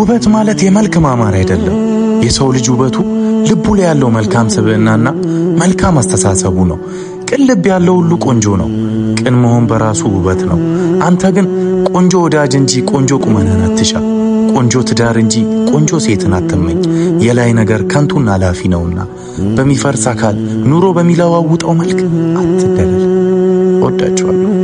ውበት ማለት የመልክ ማማር አይደለም። የሰው ልጅ ውበቱ ልቡ ላይ ያለው መልካም ስብዕናና መልካም አስተሳሰቡ ነው። ቅን ልብ ያለው ሁሉ ቆንጆ ነው። ቅን መሆን በራሱ ውበት ነው። አንተ ግን ቆንጆ ወዳጅ እንጂ ቆንጆ ቁመናን አትሻ። ቆንጆ ትዳር እንጂ ቆንጆ ሴትን አትመኝ። የላይ ነገር ከንቱና ላፊ ነውና በሚፈርስ አካል ኑሮ በሚለዋውጠው መልክ አትደለል። ወዳቸዋለሁ።